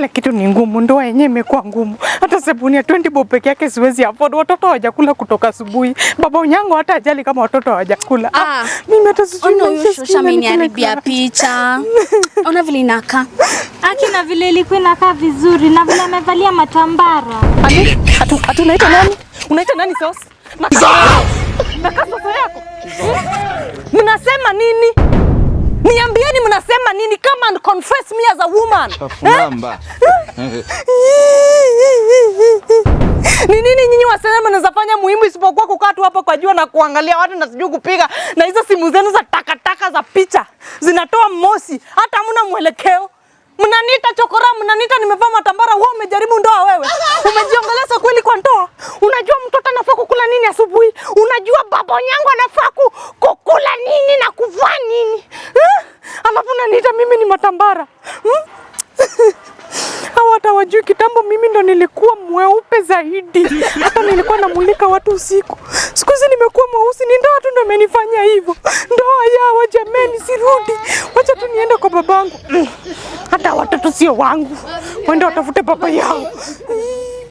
kila kitu ni ngumu, ndoa yenyewe imekuwa ngumu. Hata sabuni ya 20 bob peke yake siwezi afford. Watoto hawajakula kutoka asubuhi, baba unyango hata ajali kama watoto hawajakula. Ah, ah mimi hata sijui ni ameniharibia picha ona vile inakaa akina vile ilikuwa inaka vizuri na vile amevalia matambara. Atu atu unaita nani? Unaita nani sauce? Makasa yako mnasema nini? dress me as a woman. Eh? Eh? Ni nini nyinyi wasema nazafanya muhimu isipokuwa kukaa tu hapa kwa jua na kuangalia watu na sijui kupiga na hizo simu zenu za takataka za picha zinatoa mosi, hata hamna mwelekeo. mnanita chokora, mnanita nimevaa matambara. Wewe umejaribu ndoa wewe? Umejiongeleza kweli kwa ndoa? Unajua mtoto anafaa kukula nini asubuhi? Unajua baba yangu anafaa kukula nini na kuvaa nini? nita mimi ni matambara hmm? Hawa hata wajui kitambo, mimi ndo nilikuwa mweupe zaidi, hata nilikuwa namulika watu usiku. Siku hizi nimekuwa mweusi, ni ndoa tu ndo imenifanya hivyo. Ndoa yawa, jameni, sirudi, wacha tu niende kwa babangu. Hata watoto sio wangu, wende watafute baba yao.